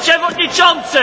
Przewodniczący!